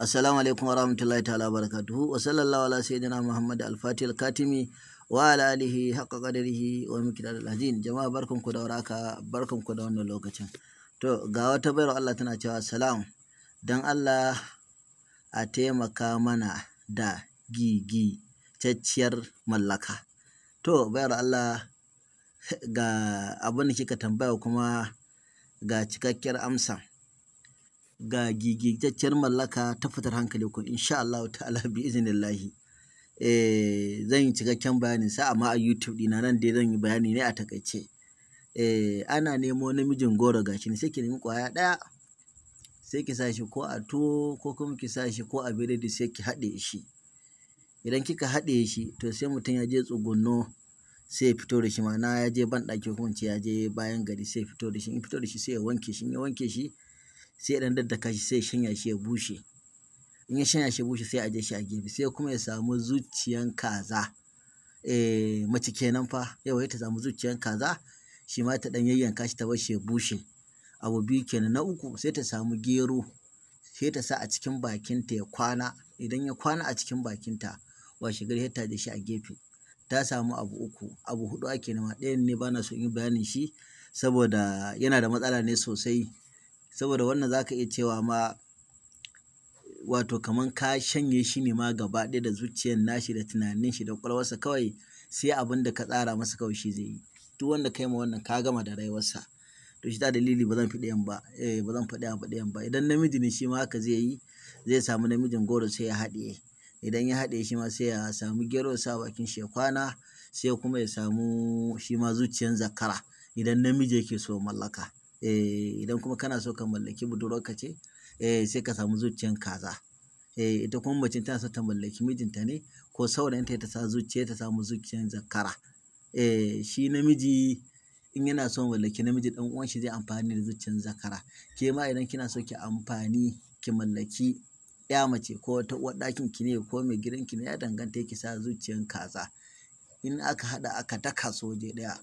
assalamu alaikum wa rahmatullahi ta'ala barakatuhu wa sallallahu ala sayyidina muhammad al-fatih al-katimi wa ala alihi haqqa qadarihi wa miqdar al hadin jama'a barkanku da waraka barkanku da wannan lokacin to ga wata bayar Allah tana cewa salam dan Allah a taimaka mana da gigi cacciyar mallaka to bayar Allah ga abin da kika tambaya kuma ga cikakkiyar amsa ga gigitacciyar mallaka ta fitar hankali ku insha Allah ta'ala bi izinillahi eh zan yi cikakken bayani sa amma a YouTube dina nan dai zan yi bayani ne a takaice eh ana nemo namijin goro gashi ne sai ki nemi kwaya daya sai ki sa ko a tuwo ko kuma ki sa ko a biredi sai ki haɗe shi idan kika haɗe shi to sai mutum ya je tsugunno sai ya fito da shi ma'ana ya je ban ɗaki ko ya je bayan gari sai ya fito da shi in fito da shi sai ya wanke shi in ya wanke shi sai ya dan daddaka shi sai shanya shi ya bushe in ya shanya shi ya bushe sai a je shi a gefe sai kuma ya samu zuciyan kaza eh, mace kenan fa yawa ta samu zuciyan kaza shi ma ta dan yayyanka shi ta bar shi ya bushe abu biyu kenan na uku sai ta samu gero sai ta sa a cikin bakinta ya kwana idan ya kwana a cikin bakinta washe gari ta je shi a gefe ta samu abu uku abu hudu ake nema ɗayan ne bana so in bayanin shi saboda yana da matsala ne sosai saboda wannan za ka iya cewa ma wato kamar ka shanye shi ne ma gaba ɗaya da zuciyar nashi da tunanin shi da kwalwarsa kawai sai abin da ka tsara masa kawai shi zai yi duk wanda kai ma wannan ka gama da rayuwarsa to shi ta dalili ba zan fi ɗayan ba eh ba zan faɗi abu ɗayan ba idan namiji ne shi ma haka zai yi zai samu namijin goro sai ya haɗe idan ya haɗe shi ma sai ya samu gero sa bakin shi ya kwana sai kuma ya samu shi ma zuciyar zakara idan namiji yake so mallaka Eh, idan kuma kana so ka mallaki budurwarka ce eh, sai ka samu zuciyan kaza eh, ita kuma mace tana so ta mallaki mijinta ne ko saurayinta ta sa zuciya ta samu zuciyan zakara shi namiji in yana son mallaki namiji dan uwan shi zai amfani da zuciyan zakara ke ma idan kina so ki amfani ki mallaki ya mace ko ta uwar ɗakin ki ne ko mai gidan ki ne ya danganta ki sa zuciyan kaza in aka hada aka daka soje daya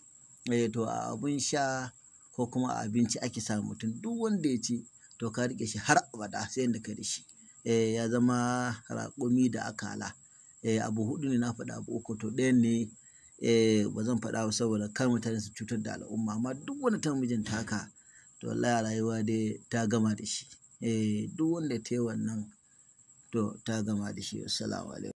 to abun sha ko kuma a abinci ake sa mutum duk wanda ya ci to ka riƙe shi har abada sai yadda ka rishi shi eh, ya zama raƙumi da akala eh, abu hudu ne na faɗa abu uku to ɗayan ne eh, ba zan faɗa ba saboda kar mutane su cutar da al'umma amma duk wani ta mijin haka to wallahi rayuwa dai ta gama da shi duk wanda ta yi wannan to ta gama da shi assalamu alaikum